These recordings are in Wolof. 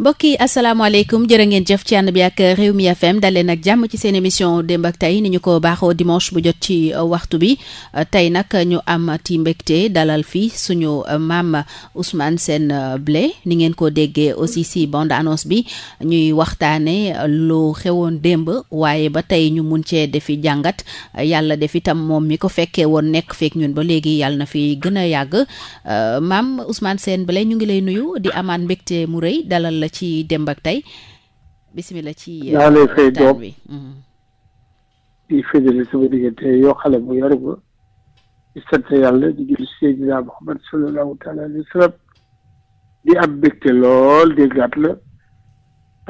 mbokk yi asalaamaaleykum jërë ngeen jëf ci ànd bi ak réew mi FM daleen nag jàmm ci seen émission démb ak tey ni ñu ko baaxoo dimanche bu jot ci uh, waxtu bi uh, tey nag ñu am ti mbégte dalal fii suñu uh, maam Ousmane seen Blay ni ngeen ko déggee aussi si bande annonce bi ñuy waxtaane lu xewoon waaye ba tey ñu mun cee defi jàngat yàlla def itam moom mi ko fekkee woon nekk feek ñun ba léegi yàlla na fi gën a yàgg maam Ousmane Sène Blay ñu ngi lay nuyu di amaat mbégte mu rëy dalal. la ci démb ak ci daa lay fay doom mhm. di fédéli sama diggante yoo xale bu yore ba di yàlla di jul Seydina Muhammad sallallahu taala alayhi wa sallam di am mbégte lool déggaat la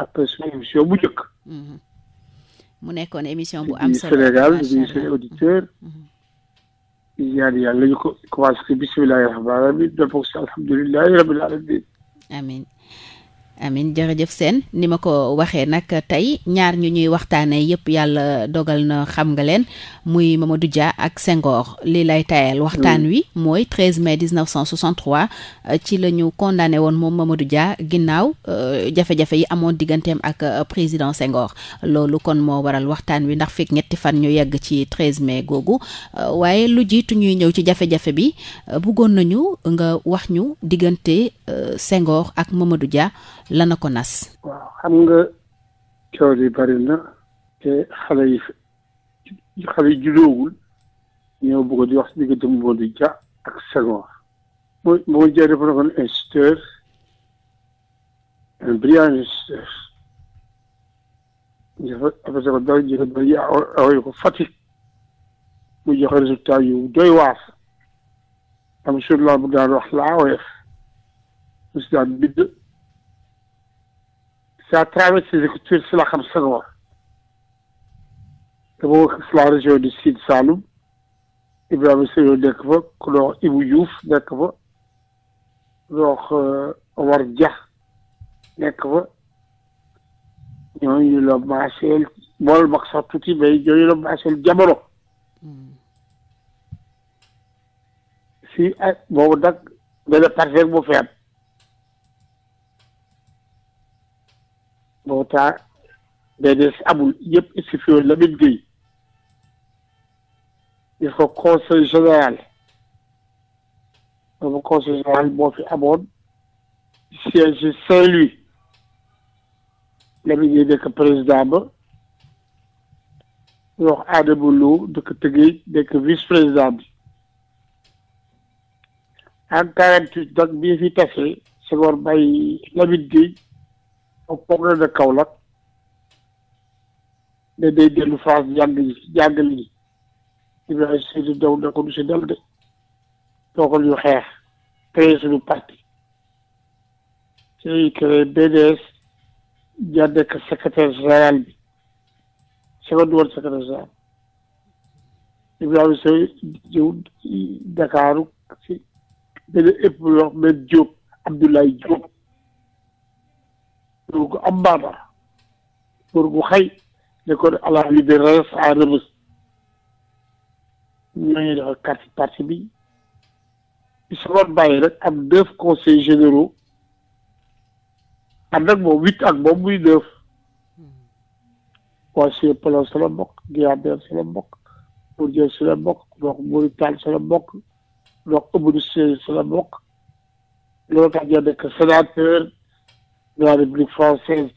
après suñu émission bu njëkk mhm. mu nekkoon émission bu am solo Sénégal di seen mhm. auditeur di yàlla ñu ko commencé ko bisimilahi rahmaani rahim dopp ko si alhamdulilahi rabbil alamin amin amin jëf seen ni ma ko waxee nag tey ñaar ñu ñuy waxtaanee yépp yàlla dogal na xam nga leen muy Mamadou Dia ak Senghor li lay tayal waxtaan mm. wi mooy 13 mai 1963 euh, ci la ñu condamné woon moom Mamadou Dia ginnaaw euh, jafe-jafe yi amoon digganteem ak euh, président Senghor loolu kon moo waral waxtaan wi ndax fekk ñetti fan ñu yegg ci 13 mai googu waaye lu jiitu ñuy ñëw ci jafe-jafe bi bëggoon nañu nga wax ñu diggante Senghor ak Mamadou Dia lana ko nas. waaw xam nga coow yi bari na te xale yi xale yi judoowul ñoo bëgg di wax si diggante Mamadou Dia ak di ko ko Fatick mu joxe résultat yu doy waar am sur la bu daan wax laa weef mu si daan bind. c'est à travers ces écritures si la xam sanga wax dama wax si la région du Sine Saloum Ibrahima Seyo nekk fa ku doon wax Ibou nekk fa ku doon wax nekk fa ñooñu la maaseel bool mag sax tuuti mais maaseel jamono si ay boobu nag benn parti rek moo fi Mota BDS amul yëpp institué Lamine Gueye il ko conseil général boobu conseil général moo fi amoon siège Saint-Louis Lamine Gueye nekk président ba ñu wax Adama Lo dëkk Tëngéej nekk vice président bi en quarante huit nag bii fi tase Senghor bàyyi Lamine Gueye ak problème de Kaolack ne day dellu France jàng jàng lii Ibrahima Seydou Daw ne ko du si dal de toogal yu xeex créé suñu parti ci lañuy créé BDS jàddee ko Dakaaru si benn épp yoo xam ne Diop Abdoulaye góor gu am maana góor gu xay ne ko ala yi de res à rëbës parti bi i samat bàyyi rek am neuf conseils généraux am nag moom huit ak moom muy neuf waa Sine Polo si la bokk Guéambère si la bokk Bourdieu si la bokk donc Mauritanie si la bokk donc Amadou Sy si la bokk loolu tax nekk sénateur de la République française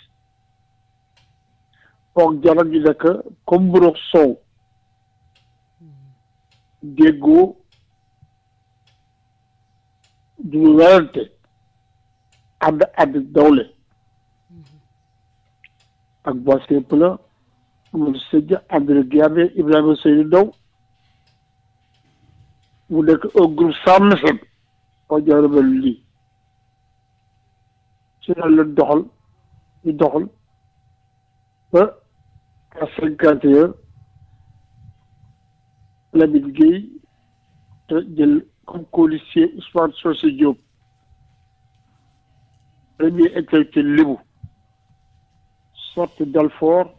foog jaral ji nekk comme mburoog soow déggoo du ñu werante ànd ànd dawle ak Boubacar Pilla Amadou Séddia André Guiabé Ibrahima Seydou Ndaw mu nekk un groupe sans méthode foog jaral mel lii ci loolu la doxal ñu doxal ba ca cinquante ya Lamine Gueye te jël comme colistier Ousmane Socé Diop premier intellectuel lébu sorte d'Alfort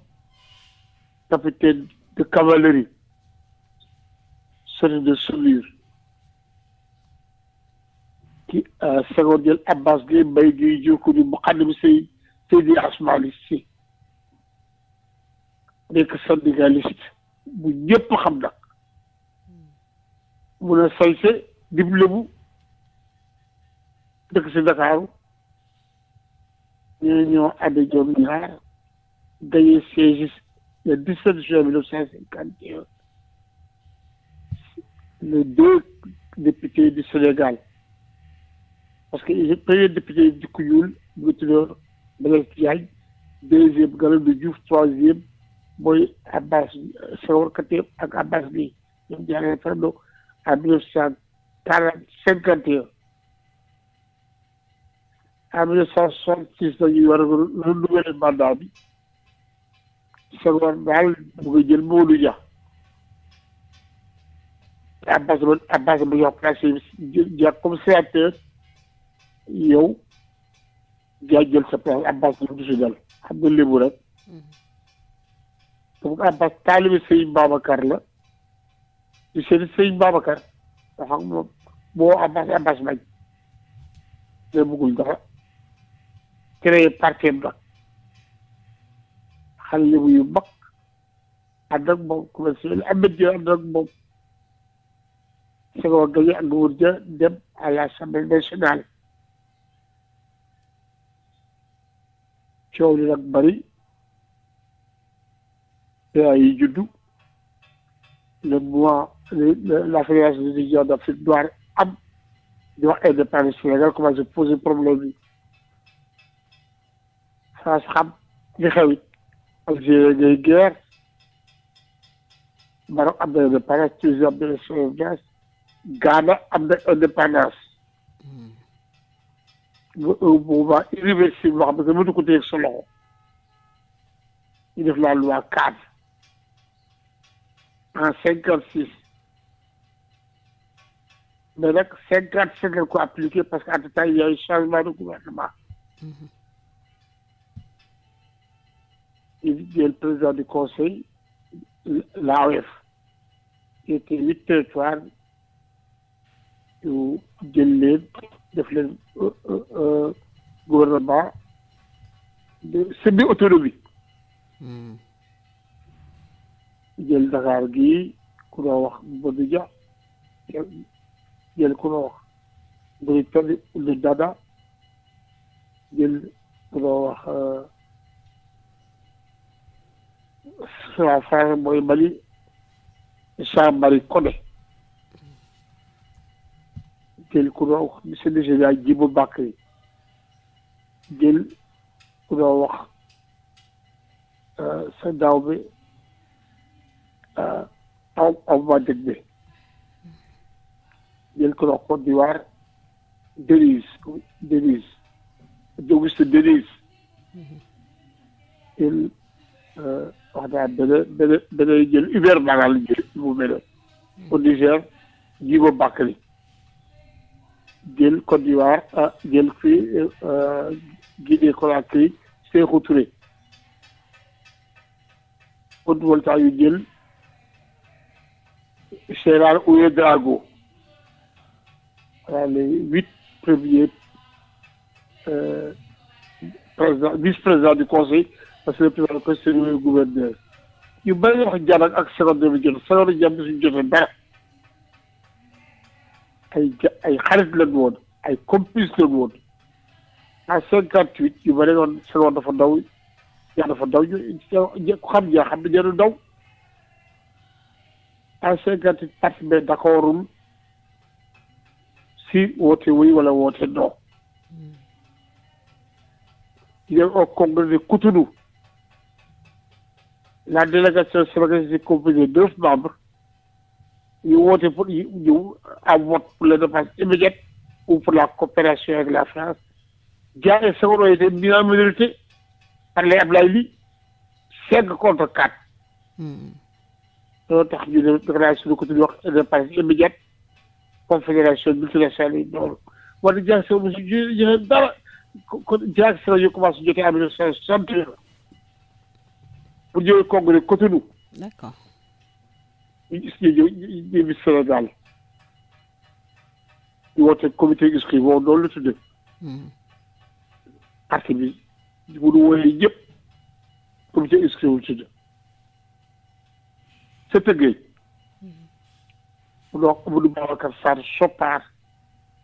capitaine de cavalerie sorte de Saumur ci euh, Senghor jël Abbas Gueye Mbaye Gueye Diokouni Mouhalim Sey Seydi Asmaali Si nekk syndicaliste bu ñëpp xam nag mun a sañse diblemu dëkk si Ndakaaru ñoo ñoo ànd ñoom ñaar gañe siège le 17 juin 1951 les deux députés du Sénégal parce que premier député Dickou Diouf mu ngi tuddoon Blaise Diagne deuxième Galandou Diouf troisième mooy Abbas Senghor quatrième ak Abbas Guèye ñoom ñaar référendum en mille neuf cent quarante cinquante et un en mille neuf cent soixante six la ñuy war a renouveler mandat bi mu ngi jël Mamadou Dia Abbas Abbas mu jox place bi comme sénateur yow jaay jël sa place abbas du si dal xam nga lébu rek te bu abbas taalibi sëñ Babacar la di seeti sëñ Babacar wax ak moom boo abbas abbas bañ day bëggul dara créé parti ba xale lébu yu mag ànd ak moom commencé amet jo ànd ak moom sa ko gañe ak nguur ja dem à l'Assemblée nationale coow li nag bari PA yi juddu le mouvement la fédération des étudiants d'Afrique doit am di wax indépendance Sénégal commencé poser problème bi France xam li xew it Algérie ngay guerre Maroc am na indépendance Tunisie am na indépendance Ghana am indépendance hmm. boobaa irréversible boo xam ne que mënut ko téye sa loxo ñu def la loi cadre en cinquante six mais nag cinquante sept la ko appliqué parce que à tout temps il y a eu changement de gouvernement. il y a le président du conseil l'AOF qui était huit territoires yu jël leen def leen euh, euh, euh, gouvernement de semi-autonomie hmm. jël Dakar gii ku noo wax Modou Dia ku noo wax Mbiri Tani Dada jël ku noo wax sa frère mooy Mali Jean Marie Codé jël ku doon wax monsieur le général Djibo Bakary jël ku doon wax euh, sa daaw bi euh, aw aw Madeg bi jël ku doon Côte d'Ivoire Denise Denise Auguste Denise jël euh, wax naa benn benn benn jël Hubert Bangal jël bu mel au Niger Djibo Bakary jël Côte d'Ivoire ah, jël fii euh, euh, Guinée Conakry Sékou Touré Haute Volta yu jël Gérard Ouédraogo voilà les huit premiers euh, président vice-président du conseil parce que le président du conseil c'est le gouverneur yu bëri wax Dianak ak Senghor dama jot Senghor jàmm si ay ay xarit lañ woon ay complice lañ woon en cinquante huit yu bëri noonu Senghor dafa daw yaa dafa daw ñu ku xam yaa xam ne jarul daw en cinquante huit parti bi d'accordul si woote wuy wala woote non il est au congrès de Cotonou la délégation sénégalaise est composée de neuf membres ñu woote pour ñu à vote pour le départ immédiat ou pour la coopération avec la France Dia et Senghor ont été mis en minorité par les Ablaye Ly cinq contre quatre loolu tax ñu ne relation lu ko tudd wax indépendance immédiate confédération multinationale yi loolu war na Dia Senghor mosu joxe dara kon Dia Senghor ñu commencé jotee en mille neuf cent soixante pour jógee Congo de Cotonou d'accord jéggi solo daal ñu woote comité exécutif boobu loolu la tudde parti bi bu nu wooyee yëpp comité exécutif bu tudde sa tëggee mu dox Amadou Babacar Sarr Sopar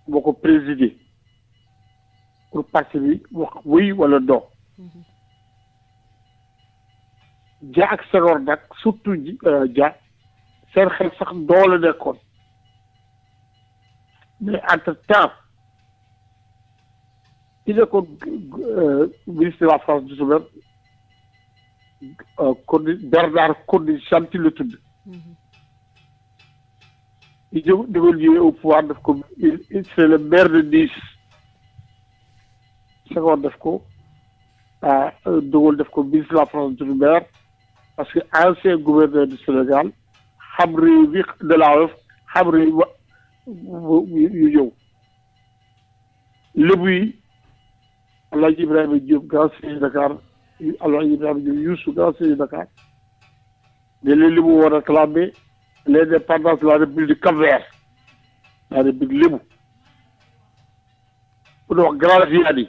boo ko présider pour parti bi wax wéy doo ja ak Senghor nag surtout ja seen xel sax doole nekkoon mais entre temps ki nekkoon ministre de la France du Soudan Condi Bernard Condi Chanty la tudd. di jóg di ko au pouvoir def ko il c'est le maire de Nice. Senghor def ko ah De Gaulle def ministre de la France du maire parce que ancien gouverneur du Sénégal. xabri bi dalaayof xabri ba yu yow lébu yi Alaaji Ibrahima Diop grand sëriñ Dakar Alaaji Ibrahima Diop Youssou grand sëriñ Dakar da leen war a réclamer l'indépendance de la république du Cap-Vert la république lébu bu dox grand Vianney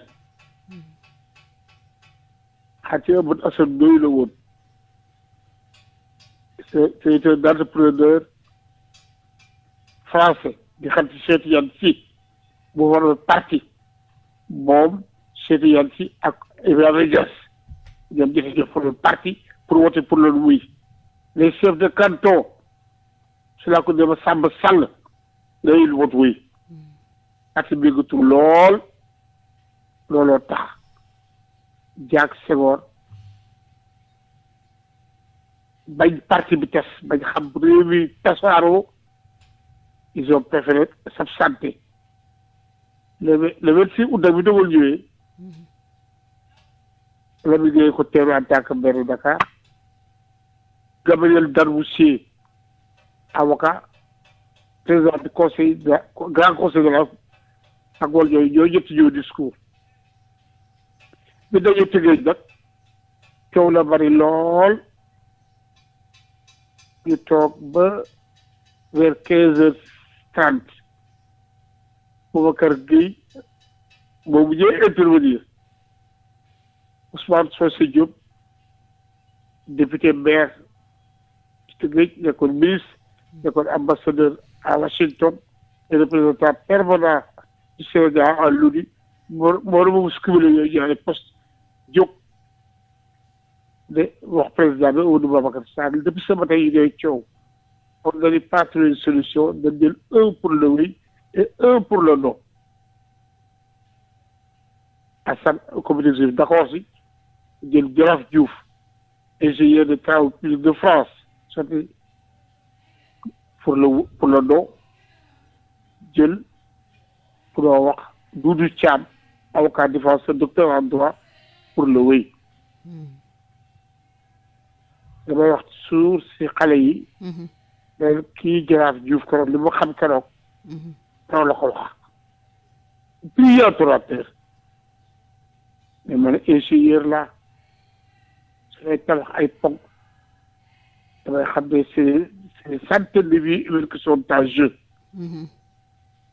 xaajal bët asad doy la woon. c'est un entrepreneur français di xam ci seeti yan parti moom seeti yan ak Ibrahima Dias ñoom jëfe pour le parti pour voter pour le oui les chefs de canton cela ko dema Samba Sall la il vote oui parti bi gutul lool looloo tax Jacques Senghor bañ parti bi tes bañ xam réew mi tasaaroo ils ont préféré s'absenter le le vingt six août nag bi dogal ñëwee Lamine Gueye ko teeru en tant que maire Dakar Gabriel Darboussi avocat président du conseil de grand conseil de la ak wàll yooyu ñoo ñëpp ñëw discours bi dañu tëggee nag coow la bari lool. ñu toog ba vers quinze heures trente Boubacar Gueye moo mujjee intervenir Ousmane Socé Diop député maire Tëngéej nekkoon ministre nekkoon ambassadeur à Washington et représentant permanent du Sénégal à l'ONU moo moo moom su cumulé de wax président bi Amadou Babacar depuis ce matin yi day coow kon dañuy partir une solution dañ jël un pour le oui et un pour le non Assane comité exécutif d'accord si jël Jolof Diouf de travaux publics de France sorti pour le pour le non jël ku doon wax Doudou Thiam avocat défenseur docteur en droit pour le oui. Hmm. damay wax suur si xale yi. mais mhm. kii jaraaf Diouf keroog li mu xam keroog. noonu mhm. la ko wax. man ingénieur laa su may tabax ay ponk damay xam ne c'est c'est centaine de vies qui sont en jeu. Mhm.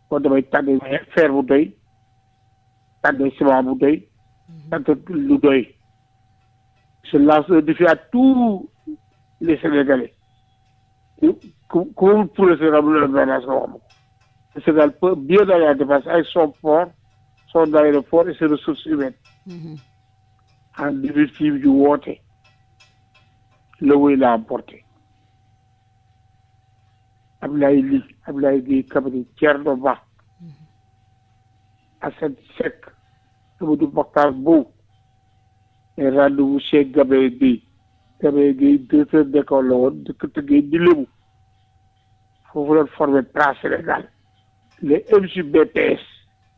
kon damay tànn fer bu doy tànn ciment bu doy. tànn lu doy. je lance le défi à tout les Sénégalais comme pour le Sénégal mu la gouvernance nga wax ma ko Sénégal bien dans la dépense avec son port son aéroport et ses ressources humaines mhm. en directive yu woote la wéy la emporté Ablaye Ly Ablaye Gueye Kabadi Thierno Ba mhm. Assane Seck Amadou Bakar Mbow et rendez-vous chez Gabriel Gueye Kébé Gueye directeur d'école la woon dëkk Tëggéej di lébu foofu la formé Tra Sénégal le MJBPS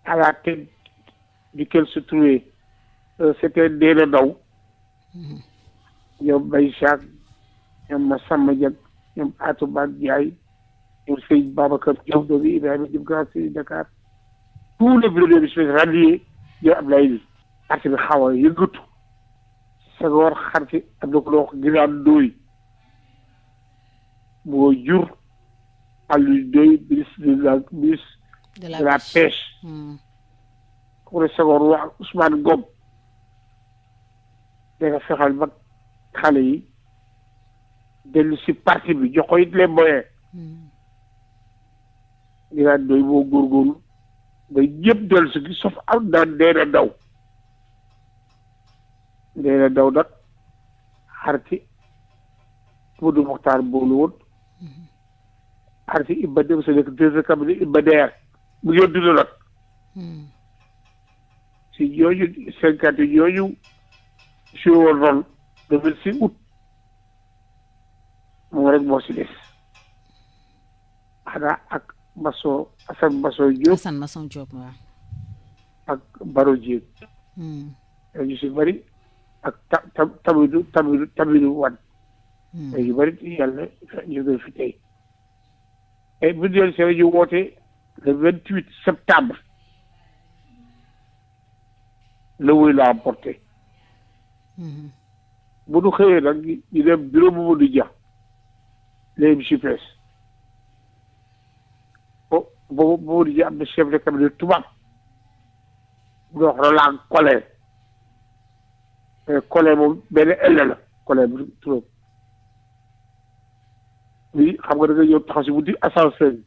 à la tête duquel se trouvait euh, c'était Déna Ndaw ñoom Baye Chack ñoom Massamba Diagne ñoom Atou Ba Ndiaye ñoom Seydou Babacar Diop doomi Ibrahima Diop Grand Serigne Dakar tout le bureau de MJBPS rallié ñoom Ablaye bi parti bi xaw a yëngatu sagoor xarti addukloo gidaan dóoy moo jur Alioune Ndoye ministre de la ministre de la pêche hmm. ku ne sagoor wax Ousmane Ngom danga fexeel mag xale yi dellu si parti bi jox ko it les moyens hmm. gidaan dóoy moo góorgóorlu ba ñëpp dellu si gi sauf aw daan dee na daw Ndéla Dawdat harti Modou Mokhtar Boolwood harti ibba de so dek deux kam de ibba der bu yoddude lot si jooju cinquante jooju siwoon ron le vingt six août moom rek moo si des xanaa ak Maso Assane Maso Diop Assane Maso Diop waaw ak Baro Diop hmm. ñu si bëri ak tab tab tabidu tabidu tabidu wan. tey hmm. yu bëri yàlla jóge fi tey. et bu dee seen rajo woote le vingt huit septembre la wuy la emporté. Hmm. bu nu xëyee nag ñu dem bureau Mamadou Dia léegi bi si presse boobu Mamadou Dia am na chef de cabinet tubaab bu ñuy wax Roland Collin collé moom benn elle la collé bu turam bi xam nga da nga ñëw taxaw si wuti ascenseur bi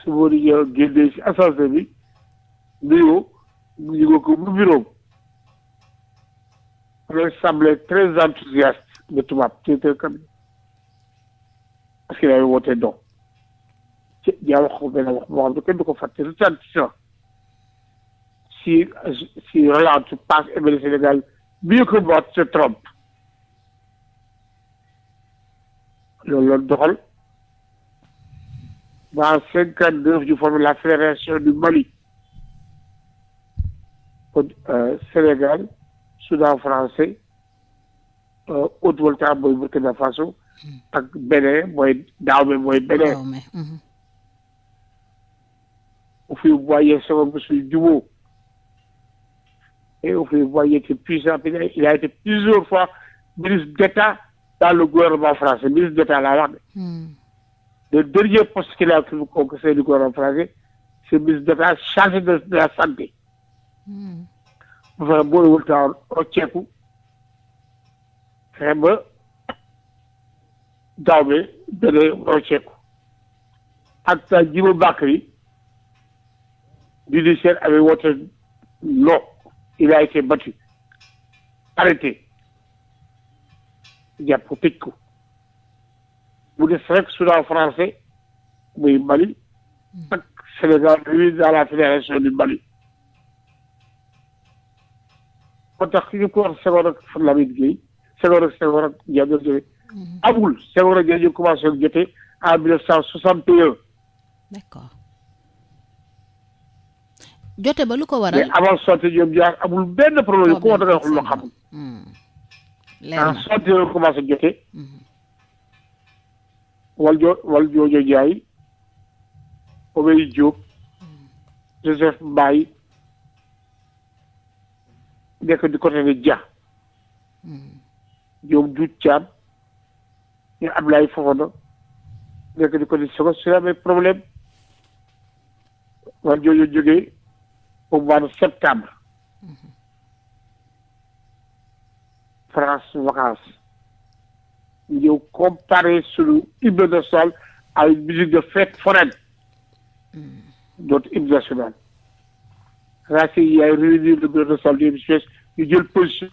su ma di ñëw génnee si ascenseur bi nuyoo ñu nga ko bu bureau am. il semblait très enthousiaste le don ci yaa wax ko benn wax si si relance passe et bii ko boot se Trump loolu la doxal ba cinquante neuf ñu la fédération du Mali euh, Sénégal Soudan français Haute-Volta euh, mooy Burkina Faso ak Bénin mooy Dahomey mooy Bénin. fu mu voyé sama mosu jubóo. Et vous voyez que plusieurs, il a été plusieurs fois ministre d'État dans le gouvernement français, ministre d'État la mm. Le dernier poste qu'il a occupé au conseil gouvernement français, c'est ministre d'État chargé de, la santé. Mm. Vraiment, il est au Tchékou. Vraiment, daaw bi dana rocceeku ak jiba bàkk yi judiciaire avait woote non il a été battu arrêté jàpp tëj ko bu des rek Soudan français muy Mali ak Sénégal réuni la fédération du Mali moo tax ki ñu ko wax Senghor ak Lamine Gueye Senghor ak Senghor ak Diagne Diop mm-hmm. amul Senghor ak Diagne Diop commencé jotee en cent soixante et un d'accord jote ba lu ko waral mais avant sotti Diop Diar amul benn problème oh, ku ma da nga wax lu ma xamul. léegi sotti la commencé jote. Hmm. wal jo wal joojo Jaay hmm. di côté de Dia. Diop Dut Thiam. ñu Ablaye Fofana. nekk di au mois de septembre France vacances ñëw comparer suñu hymne national à une musique de fête foraine notre hymne national Racine yaay réunir le bureau national du MCS jël position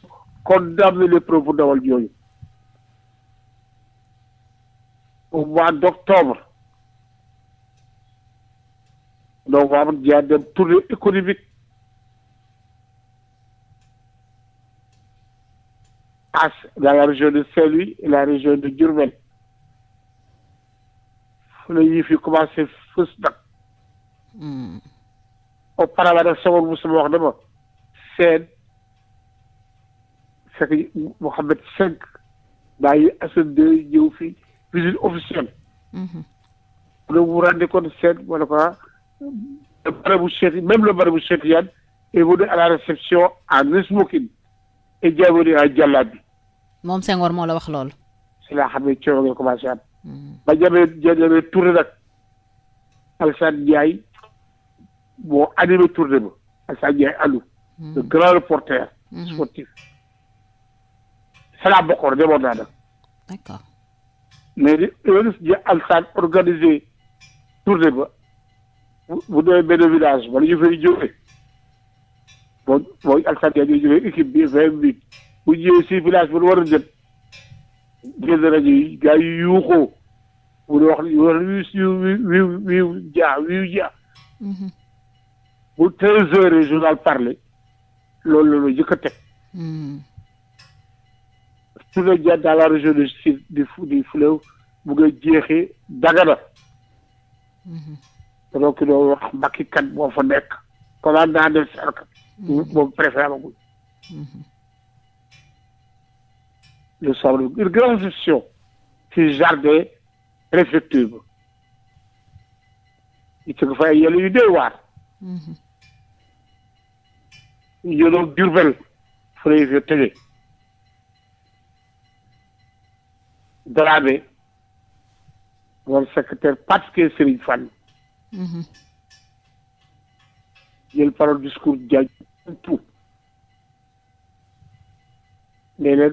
condamner les propos dawal jooju au mois d'octobre novembre jaar dem tournée économique As, dans la région de Saint-Louis la région de Diourbel fu la yëf yi commencé fës nag hmm. auparavant daf sabar bu sama wax dama seen fekk Mohamed cinq bàyyi Assane deux ñëw fi visite officielle donc hmm. vous rendez compte seen wala ah, quoi le barabu Cheikh même le barabu Cheikh Yane est venu la réception en ijaburi a jàllaat bi moom Senghor moo la wax loolu si laa xam ne coow nga commencé am hmm. ba jabee jabee tournée nag Alassane Ndiaye moo animé tournée ba Alassane Ndiaye Alou hmm. le grand reporter hmm. sportif salaa bokkoon demoon naa nag mais di di Alassane organisé ba bu bu dee benn village wala ñu fay boo boo ak Sadio ñuy jógee équipe bi vingt bu ñëwee si village bu nu war a jëm génn yuuxoo bu ñu wax wax wiw wiw wiw jaa wiw jaa mhm. bu treize heures journal parlé loolu la ñu jëkk a teg su la jaar dans la région du sud du du fleuve bu nga jeexee Dagana ki mhm. doon wax mbakki kat moo fa nekk comment naa def sarkat boobu préfet amagul. nous mhm. sommes une grande gestion ci jardin e préfecture ba ñu ci fa ay yële yu dee waar. yónnoo mhm. Diourbel fu lay fi tëjee Dramé moom secrétaire particulier Serigne Fall. Mhm. jël parole discours Diagne. tuub nee na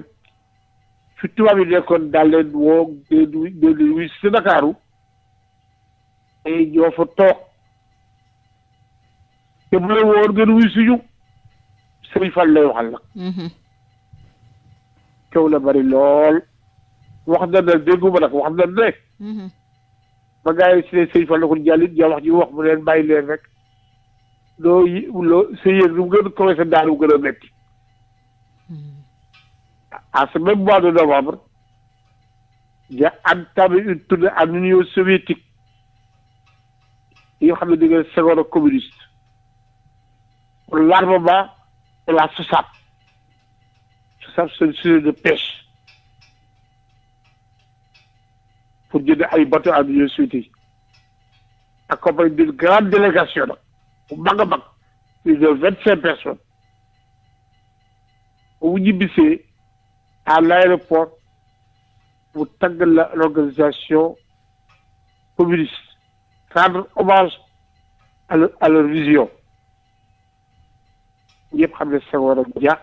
fi yi nekkoon daal leen woo déedéet déedéet si Ndakaaru te bu woon ngeen wuy suñu sëriñ Fall waxal nag. Mhm. coow la bari lool wax na ne dégguma nag wax na ne. Mhm. ba gars yi si ne sëriñ jàllit ja wax ji wax mu leen bàyyi leen rek. loo yi loo sa yéeg lu gën a commencé daanu gën a métti à ce même mois de novembre nga am tamit une tournée Union soviétique yoo xam ne di nga Senghor ak communiste pour l'armement et la SOSAP SOSAP c'est de pêche pour jënd ay bateau en Union soviétique accompagné d'une grande délégation bu mag a mag plus de vingt cinq personnes bu ñibbisee à l'aéroport mu tagg la l'organisation communiste rendre hommage à leur à leur vision ñëpp xam ne Senghor ak Dia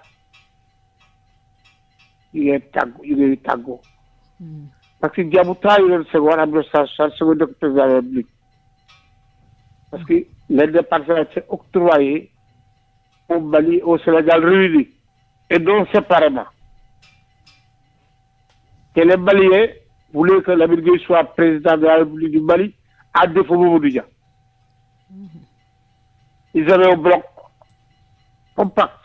ñu ngi tàggu ñu ngi tàggoo hmm. parce que Dia bu trahir woon Senghor en mille neuf cent soixante Senghor nekk président de la République parce que l'aide de partage s'est octroyée au Mali au Sénégal réunis et donc séparément. Que les Maliens voulaient que Lamine Gueye soit président de la République du Mali à défaut Mamadou Dia. Ils avaient un bloc compact.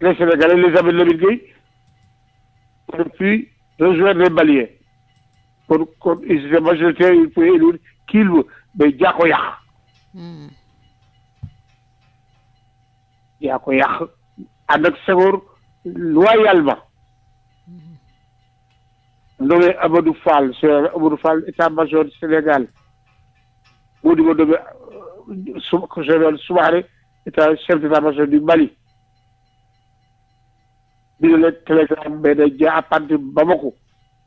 Les Sénégalais les avaient Lamine Gueye pour puis rejoindre les Maliens. Pour, pour, ils étaient majoritaires, ils pouvaient élire kilwa bai ja ko yàq hmm. yaa ko yàq ànd ak sagoor loyal ma hmm. nommé Amadou Fall état-major Sénégal moo di ma nommé général euh, Soumaré état chef d'état-major du Mali bi ne leen télégramme benn jaa apante Bamako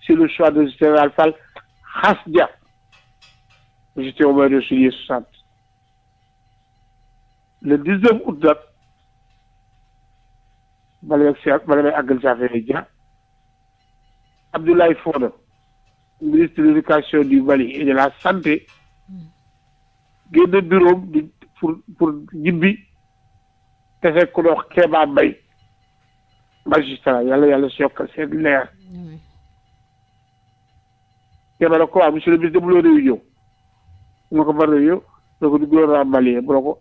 sur le choix de général Fall xas ja j'étais au mois de juillet 60. Le 19 août nag bala may seet bala may àggal saa fee ja Abdoulaye Fofana ministre de l'éducation du Mali et de la santé génn bureau di pour pour ñibbi te fekk ku dox Kéba Mbaye magistrat yàlla yàlla si yokkal seen leer. Kéba la ko waa monsieur le ministre de mu loo réunion mu ko bari yow boo ko duggee woon Mali bu la ko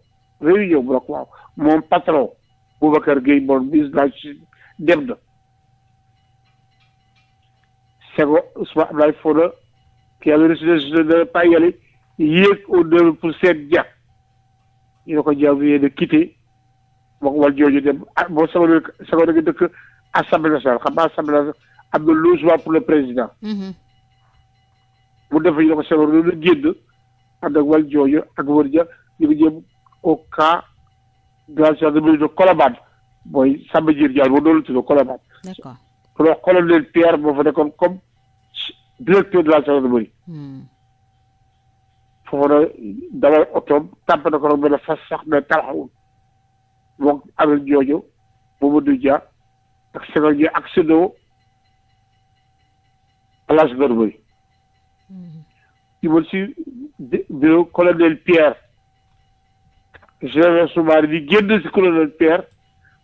réunion bu ko waaw patron Boubacar Gueye bon bis laa dem na. Sego Ousmane Abdoulaye Fofana qui avait reçu de pas y aller yéeg au deux pour sept dia ñu ne ko janvier de quitter moo ko wal jooju dem ah Sego Sego da nga dëkk assemblée nationale xam nga assemblée nationale am na logement pour le président. Mm-hmm. mu def ñu ne ko Sego loolu génn. Adagwal Diodio ak wër ja ñu ngi jëm au cas de la gendarmerie de Colobane mooy Samba Diir Diagne moom loolu la tudd Colobane. d'accord alors colonel Pierre moo fa nekkoon comme directeur de la gendarmerie. Hmm. foofu nag dawal otoom tàmp na ko nag mën a fas sax mais talaxawul moom Amel Diodio Mamadou Dia ak Sénégal ñi accédé wu à la gendarmerie. Hmm. jubal si bureau colonel Pierre général Soumaré di génn si colonel Pierre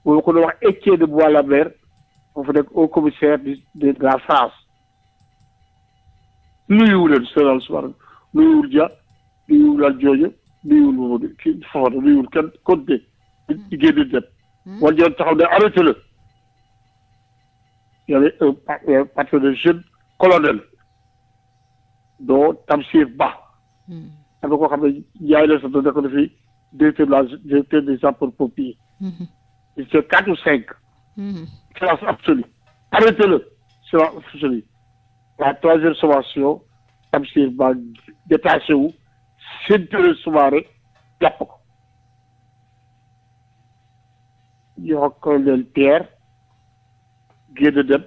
boobu ko doon wax Étienne de Bois-Lambert foofu nekk au commissaire de la France nuyuwul leen général Soumaré nuyuwul Dia nuyuwul Lat Dior nuyuwul Mamadou kii Fofana nuyuwul kenn Conté di génn dem hmm. wala joon taxaw ne arrêté la y avait un de jeune colonel doo Tamsir Ba. am na koo xam ne yaay la sa doon nekk na fi directeur de la directeur des sapeurs-pompiers. Mhm. il fait quatre ou cinq. Mhm. silence absolu. arrêtez-le silence absolu. la troisième sommation Tamsir Ba détaché wu séddale Soumaré jàpp ko. yoo colonel Pierre génn dem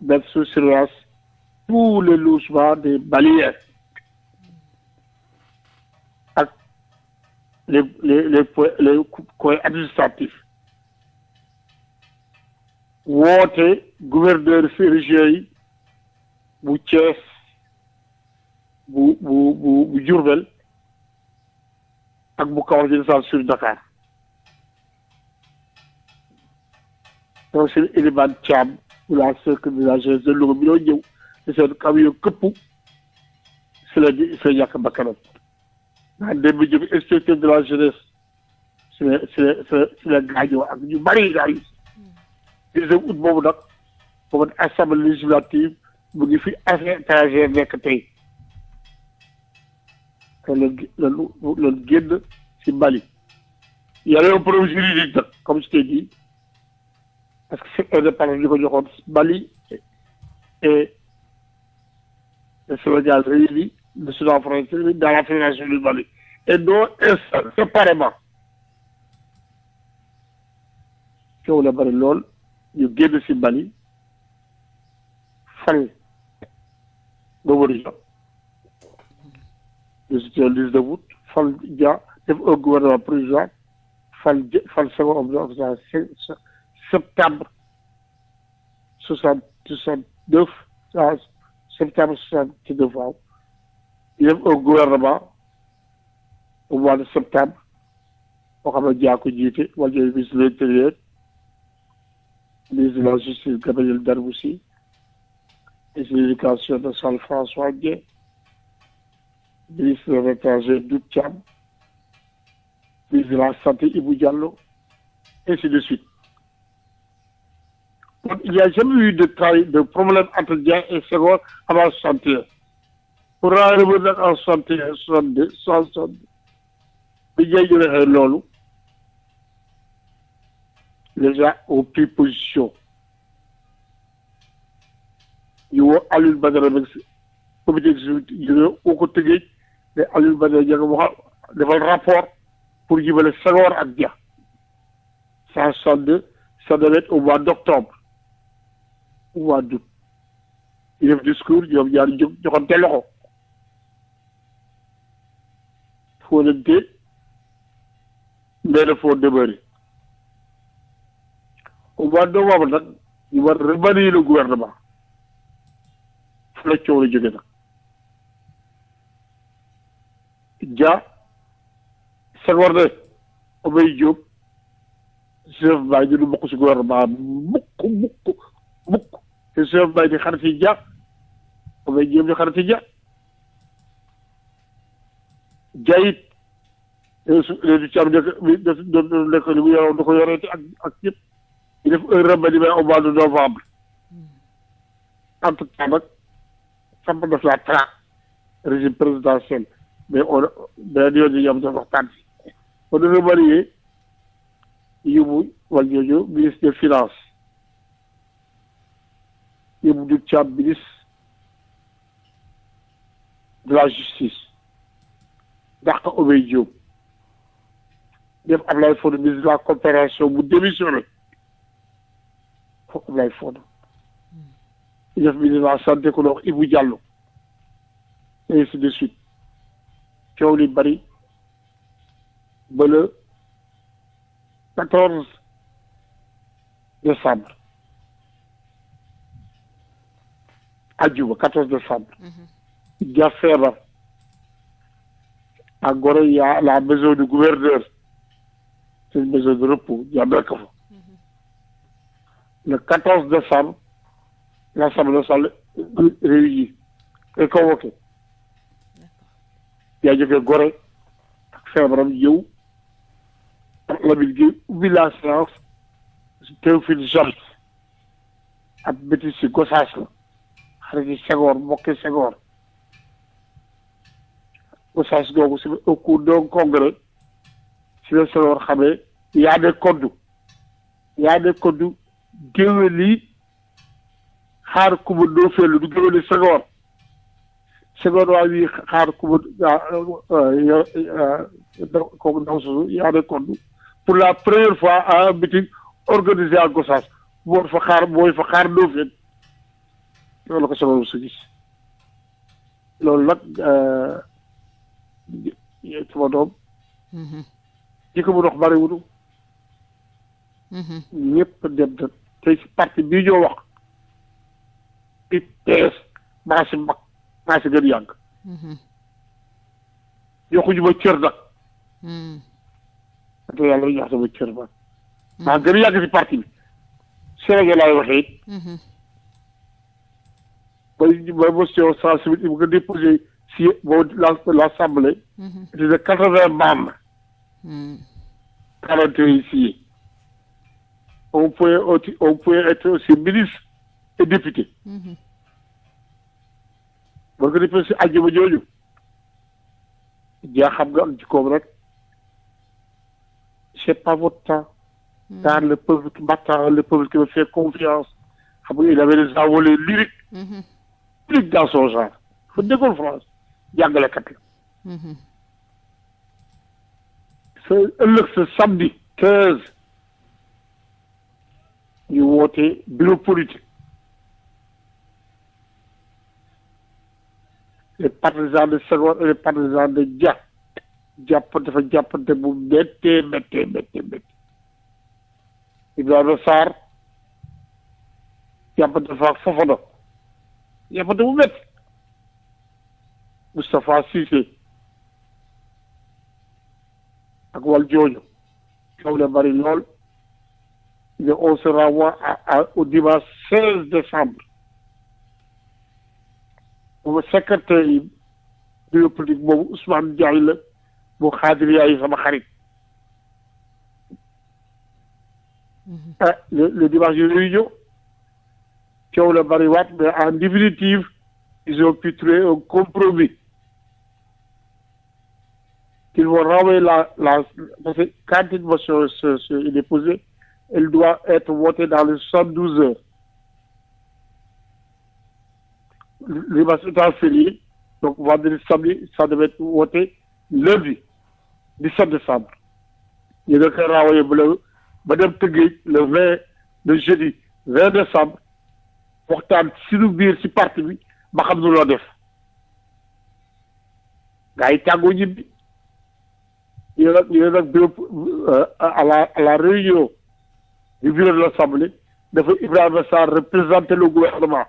mettre sous surveillance. tout le logement des Maliens. Ak les les les points les coins administratifs woote gouverneur région yi bu Thiès bu bu bu bu Diourbel ak bu Kaolack di sant sur Dakar professeur Elimane Thiam bu la circonscription de Louga bi doon te seen kaw yo këpp si la si la ñàkk bakkanam ndax démb jëm inspecteur de la jeunesse si la si la si la si la gaañoo ak ñu bari gaañu deuxième août boobu nag législative mu ngi fi affaire étrangère nekk tey si Mali y a un problème juridique comme je t'ai dit parce que c'est indépendance ñu ko joxoon Mali et Sénégal réuni de Soudan frontière dans la Fédération du Mali et dont est séparément coow la bari lool ñu génn si Mali fan boobu région ñu situé le 10 août fal Dia def un gouvernement provisoire fal fal second option septembre soixante soixante neuf septembre 62 waaw ñu dem au gouvernement au mois de septembre boo xam ne jaa ko jiite wala jooy l'intérieur ministre de la justice Gabriel Darboussi ministre de l'éducation nationale François Dieng ministre de l'étranger Doudou Thiam de la santé Ibou Diallo ainsi de suite Donc, il n'y a jamais eu de, de problème entre Dia et Senghor avant 61. Pour en revenir en 61, 62, 62. bi Dia joxe loolu les gens ont pris position ñu woo Alioune Badara nag comité exécutif ñu ne woo ko mais Alioune Badara ña nga wax rapport pour jubale Senghor ak Dia 162 ça devait être au mois d'octobre pouvoir jub ñu def discours ñoom ñaar jóg joxante loxo fóonante mbéy la foo demeure au mois de novembre nag ñu war remanier le gouvernement fu la coow la jóge nag Dia Senghor ne Obey Diop Joseph Mbaye ñu du bokk si gouvernement mukk mukk mukk te soo bay di xar fi ja o bay jéem di xar fi ja jayit léegi ci am dëkk bi li mu yoroon da ko yoreeti ak ak yëpp di de novembre entre temps nag samp def la tra régime présidentiel mais on benn yoon yi ñoom dafa waxtaan si ba dafa bëri yóbbu wàllu jooju ministre des finances et du diable ministre de la justice dàq Obey Diop def Ablaye Fodé ministre de la coopération bu démissionné foofu Ablaye Fodé def ministre de la santé ku wax Ibou Diallo et ainsi de suite coow li bari ba le quatorze décembre ajjuba 14 décembre. Mhm. Dia feebar. à Gorée y a ah, la maison du gouverneur. c'est une de repos Dia nekk fa. le 14 décembre l'Assemblée nationale réunie et convoquée. yaa jógee Gorée ak feebaram yow ak Lamine Gueye ubbi séance Théophile Georges ak si Gossas la. xariti Senghor mbokki Senghor Gossas googu si au cours d'un congrès si la Senghor xamee yaa koddu yaa koddu géwél xaar kuba doo fellu du géwéli Senghor Senghor waa wii xaar kuba ah, ah, ah, kooku ndaw sosu koddu pour la première fois à un meeting organisé à Gossas boo fa xaar booy fa xaar doo fekk loolu ko sama su gis loolu nag euh, sama doom mm-hmm. ji ko mu dox bari wunu mm-hmm. ñëpp dem na tey si parti bii ñoo wax it tees maa si mag maa si gën yàgg yokkuñu mm-hmm. ma cër nag mm. ate yàlla ñu wax sama cër ma mm. maa gën yàgg si parti bi Sénégal laay waxee it ba motion sensible il faut que déposé si bon l'assemblée était mhm. de quatre-vingts membres hmm. quarante et un ici on pouvait on pouvait être ministre et député boo ko defee si àjjuma jooju jaa xam nga am ci koom rek c'est pas votre hmm. le peuple qui m'attend le peuple qui me fait confiance xam nga il avait unique dans son genre fa déggoon France jàngalekat la mm-hmm. sa ëllëg sa samedi quinze ñu woote bureau politique les partisans de Senghor et les partisans de Dia jàpp dafa jàppante bu méttee méttee méttee méttee Ibrahima Sarr jàppante fa Fofana yabate bu métti Moustapha Cissé ak wal jooju coow la bari lool mais on se renvoie à au dimanche seize décembre booba secrétaire yi bureau politique boobu Ousmane Diagne la bu xaadir mhm. ah, le dimanche yu réunion coow la bariwaat mais en définitive ils ont pu trouver un compromis qu'ils vont renvoyer la la parce que quand une motion se se déposée elle doit être votée dans les soixante-douze heures le match étant férié donc vendredi samedi ça devait être voté lundi 17 décembre ñu nga koy renvoyer ba le ba dem tëggee le vingt le jeudi 20 décembre waxtaan ci suñu biir ci parti bi ba xam nu loo def gars tàngoo tàggoo ñibbi yéen a yéen a bureau euh, à la à réunion du bureau dafa Ibrahima Sarr représenté le gouvernement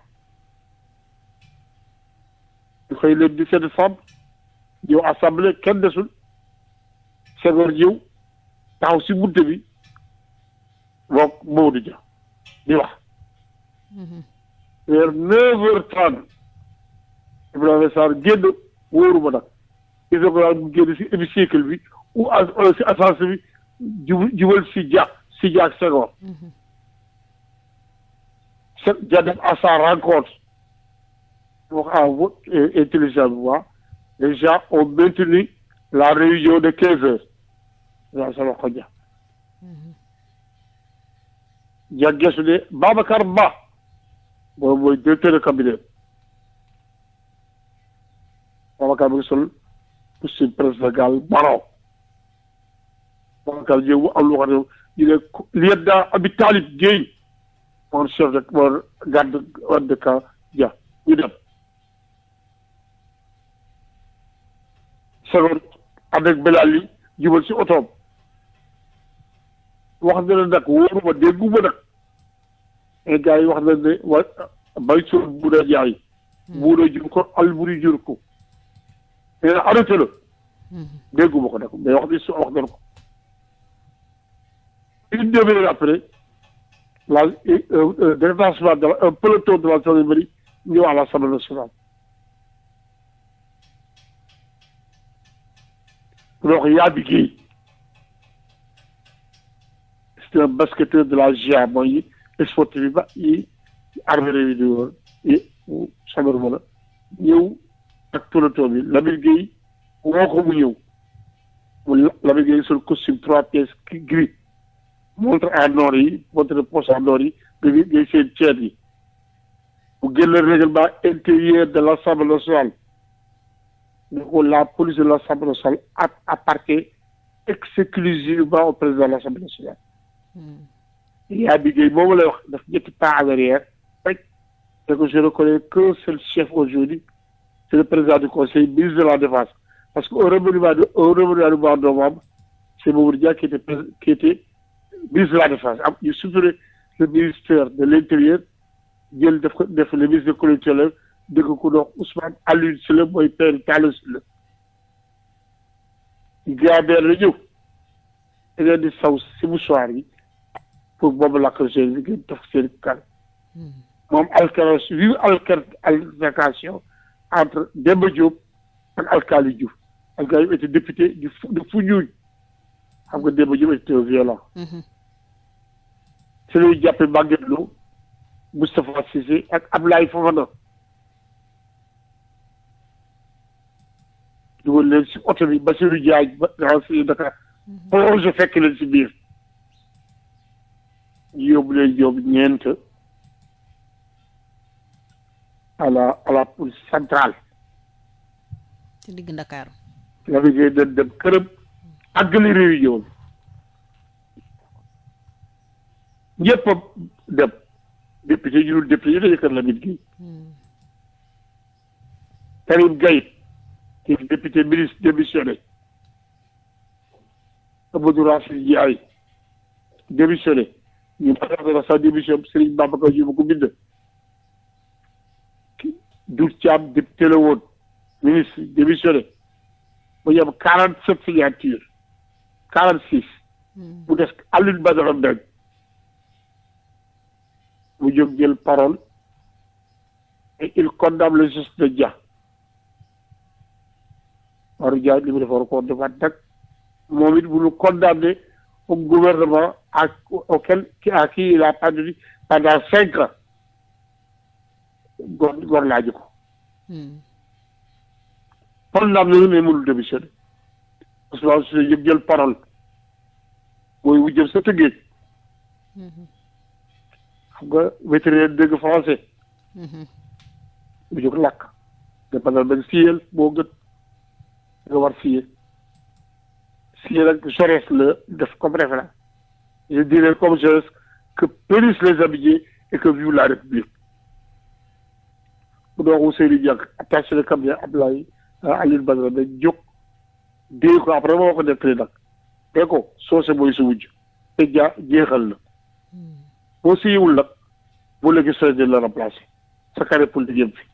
ñu xëy leen 17 décembre yow assemblée kenn desul Senghor ñëw taxaw ci bunte bi moom Mamadou Dia di wax. Mm-hmm. vers neuf heures trente Ibrahima Sarr génn wóoruma nag gis nga ko daal mu génn si hémicycle bi ou euh, si ascenseur bi jub jubal si Dia si Dia ak Senghor. Dia def à sa rencontre wax à votre intelligence les gens ont maintenu la réunion de quinze heures waaw sama ko Dia. Mm-hmm. Dia gesu ne Babacar Ba. boobu mooy directeur de cabinet Babacar mi ngi sol costume présidentiel marron Babacar Dieng bu am lu xam ne ñu ne lieutenant Abi Talib Guèye moom chef de moom garde garde de camp Dia ñu dem Senghor ànd ak Belali jubal si otoom wax ne nag wóoruma dégguma nag gars yi wax nañ ne bay suuf buur a jaay. buur a ko alburi jur ko. nee na hmm. ko nag mais wax bi su wax nañ ko. une demi-heure après la euh, euh, détachement de la un peloton de la gendarmerie ñëw à l'Assemblée nationale. donc Yabi Guèye c'est un basketteur de la GIA sportif yi ba yi armée yi di woon yi sagar ma la ñëw ak tólatoo bi Lamine Gueye woo ko mu ñëw mu Lamine Gueye sol costume trois pièces gris montre à nord yi montre de poche à nord yi ngay ngay seen ceet yi mu génn règlement intérieur de l'Assemblée nationale ne ko la police de l'Assemblée nationale appartient exclusivement au président de l'Assemblée nationale hmm. yaa bi Guèye boobu wax daf ñetti pas à l'arrière rek te je reconnais qu'un seul chef aujourd'hui c'est le président du conseil ministre de la défense parce que au remaniement de au remaniement de novembre c'est Mamour Dia qui était qui était ministre de la défense am ñu suturé le ministère de l'intérieur jël def def le ministre de collectivité dëkk ku dox Ousmane Alioune Sylla mooy père Talla Sylla gaa beer la ñëw da ngeen di saw si mouchoir yi pour boobu lakk seen liggéey def seen kàll. Hmm. moom alcalation vive altercation entre Demba Diop ak alkali Diouf alkali Diouf était député du de Foundiougne xam nga Demba Diop était violent. Hmm. ci la ñuy jàppee Maguette Lo Moustapha Cissé ak Ablaye Fofana. dugal leen si oto bi Bassirou Diagne ba nga xam si Dakar. Hmm. projet fekk leen si biir. yóbbu lay jóob ñeent à la à la police centrale. ci digg Ndakaaru. nga liggéey da dem këram àggali réunion bi ñëpp a dem député yu dul député yi dañu kër Lamine Guèye hmm. Karim Guèye ki député ministre démissionné Abdou Racine Ndiaye démissionné ñu présenté la sa démission Serigne Babacar Diop ko bind. Doudou Thiam député la woon ministre démissionné ba ñu am quarante sept signature quarante six. bu hmm. des Alioune Badara Mbengue mu jóg jël parole et il condamne le geste de Dia. Waru li mu def war koo defaat nag moom it bu ñu condamné au gouvernement. ak auquel, à qui il a parlé pendant cinq ans. góor góor laa ji ko. kon daal loolu mais mënul démissionné parce que Ousmane Sonko yëpp jël parole mooy wu jëm sa tëggee. Hmm. xam nga vétérinaire dégg français. bu hmm. jóg làkk. te pendant benn siyeel boo gët nga war siyee. siyeel ak Jaurès la def comme je dirais comme je que périssent les habillés et que vive la République. bu doon Ousseynou Diak attaché le cabinet Abdoulaye euh, Alioune Badara da jóg dee ko après moo ko nettali nag dee ko soose mooy si wujj te ja jeexal na hmm. boo siiwul nag bu léegi soo jël la remplacé sa carré politique yëpp fi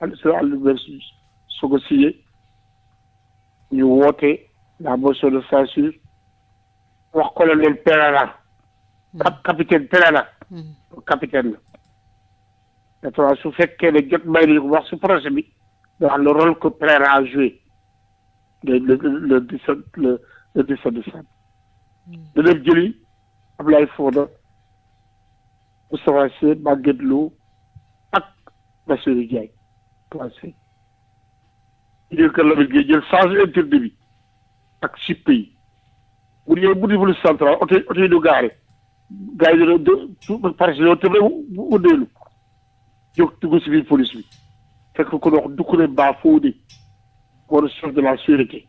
Aliou Sow Aliou Sow su ko siyee ñu la motion de censure wax colonel Perana hmm. cap capitaine Perana hmm. capitaine la dafa su fekkee ne jot may nañu ko wax su projet bi da wax le rôle que Perana a joué le le le dix-sept le le dix-sept décembre hmm. da dem jëli Ablaye Fouda Moustapha Sy Maguette Lo ak Bassirou Diaye classé ñu que Lamine Gueye jël ak sippe yi bu ñu buddi police centrale oto oto yi du gaare gars yi dañoo dé pare si loolu tëb rek wëndeelu jóg dugg si biir police bi fekk ko wax dugg ne baa foo de wala chef de la sécurité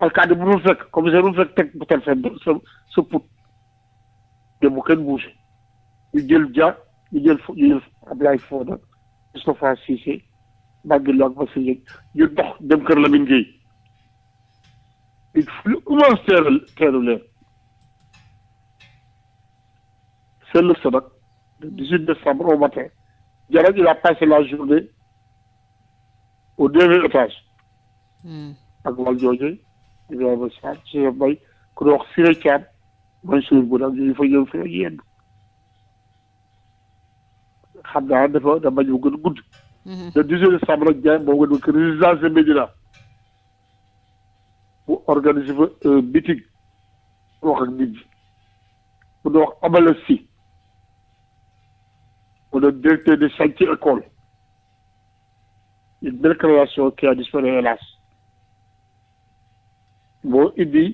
alkaati bu mu fekk commissaire bu fekk teg bu teg sa sa sa put dem bu kenn buuse ñu jël ja ñu jël fo ñu jël Ablaye Fodé Moustapha Cissé Maguette Lo ak Massa Dieng ñu dox dem kër Lamine Gueye. il faut ñu commencé teeru teeru leen seetlu sa nag le 18 décembre au matin Diarra il a passé la journée au dernier étage. Hmm. ak wàllu jooju Ibrahima Sarr Cheikh Mbaye ku doon wax yenn xam naa dafa da bañ a gën a hmm. le 18 décembre nag Diarra moo gën a résidence de Médina mu organiser fa bitig euh, wax ak abala si mu doon directeur de chantier école une belle création qui a disparu hélas boo indi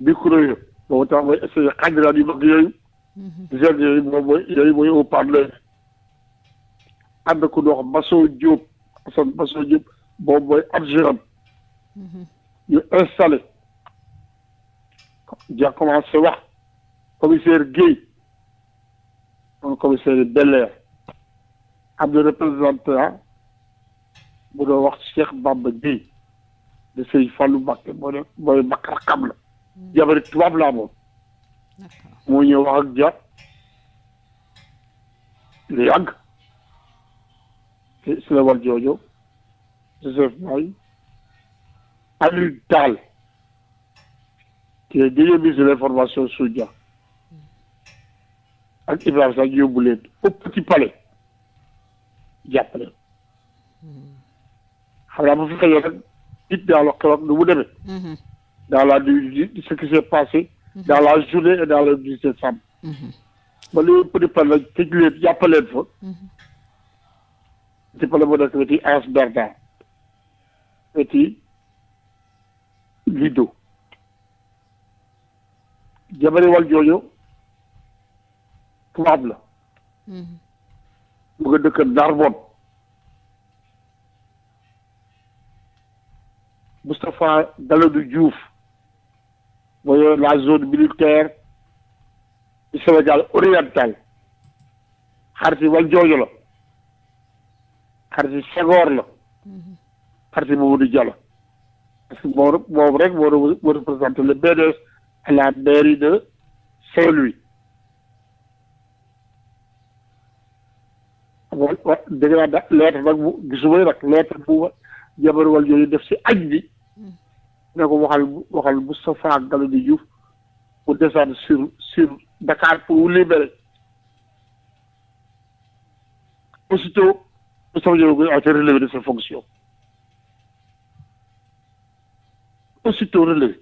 micro yi boobu tax mooy essayé xaajalaat yu mag yooyu mhm. yooyu mooy yooyu mooy ku dox Basso Diop Assane Basso Diop boobu mooy adjoint ñu installé ja commencé wax commissaire Guèye moom commissaire yi Bel-Air am na représentant bu doon wax Cheikh Bamba Guèye de Sëñ Fallou Mbacké la jabari tubaab laa moom ñëw wax ak ja lu si la war joojo Joseph May Aliou Tall qui est déjà ministre de l'information Sodia ak Ibrahima Sall yóbbu leen au petit palais jàppale xam naa bu fi xëyee rek it daal wax xew nu mu mhm. dans la nuit ce qui s'est passé mhm. dans la journée et dans la nuit décembre mhm. ba li au petit palais nag tëj leen jàppaleen fa petit palais moo nekk weti Anse Bernard weti Lido jabari wal joojo la hmm. mu nga dëkk Narbonne Moustapha Daladou Diouf mooy la zone militaire du Sénégal oriental xariti wal joojo la xariti Senghor la xariti hmm. Mamadou Dia la boobu boobu rek boo représenté le BDS à la mairie de Saint-Louis. wa wa da lettre nag bu gisuma nag lettre bu jabar wal yooyu def ci aj bi hmm. ne ko waxal waxal Moustapha Galandou Diouf pour descendre sur sur Dakar pour vous libérer aussitôt Moustapha Diop a été relevé de ses fonctions aussitôt relevé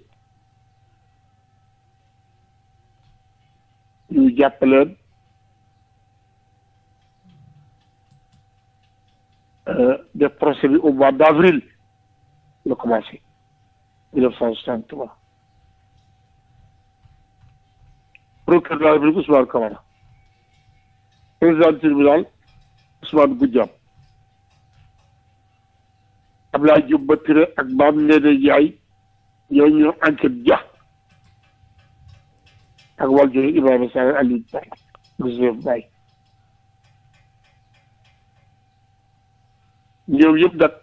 ñu jàppaleen def euh, procès bi au mois d' avril la commencé mille neuf cent soixante trois procureur de la République Ousmane Camara président du tribunal Ousmane Goudiam Abdoulaye Diop Batiré ak Mame Ndéné Ndiaye ñooñu ñoo enquête ja ak wàllu Ibrahima Sall ñoom yëpp nag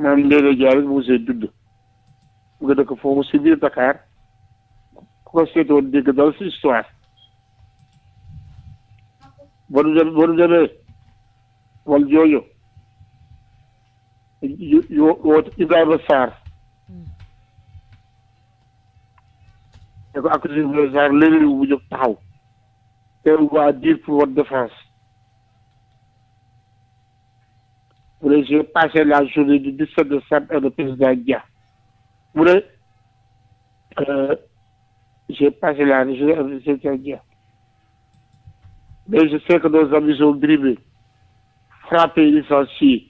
maam Ndeye Diagne mu ngi see judd mu nga dëkk foofu si biir Dakar ku ko seetoon dégg dal si histoire ba demee wal jooju yo woote Ibrahima Sarr te ko accusé Viol Sarr léeg-léeg bu jóg taxaw te waa dire pour votre défense mu ne j'ai passé la journée du 17 décembre et le président Dia mu ne euh, j'ai passé la journée avec le président Dia je sais que nos amis sont brimés frappés licenciés